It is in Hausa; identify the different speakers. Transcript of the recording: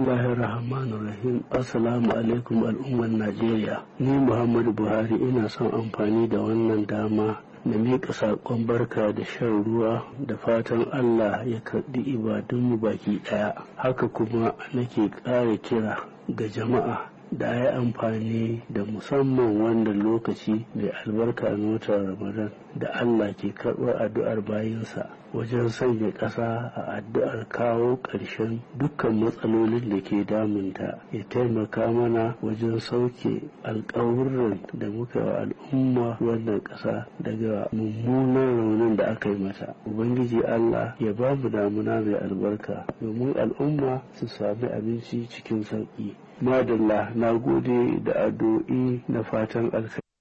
Speaker 1: Bismillahir rahman Rahim. Assalamu alaikum al'ummar Najeriya. Ni Muhammadu Buhari ina son amfani da wannan dama na miƙa saƙon barka da shan ruwa da fatan Allah ya karɓi ibadunmu baki ɗaya. Haka kuma nake ƙara kira ga jama'a da ya amfani da musamman wanda lokaci mai albarka na watan ramadan da allah ke karɓar addu'ar bayinsa wajen sanya ƙasa a addu'ar kawo ƙarshen dukkan matsalolin da ke damunta ya taimaka mana wajen sauke alƙawurran da muka wa al'umma wannan ƙasa daga mummunan raunin da aka yi mata ubangiji allah ya ba mu damuna mai albarka domin al'umma su
Speaker 2: sami abinci cikin sauƙi madalla na gode da addu'o'i na fatan alkhairi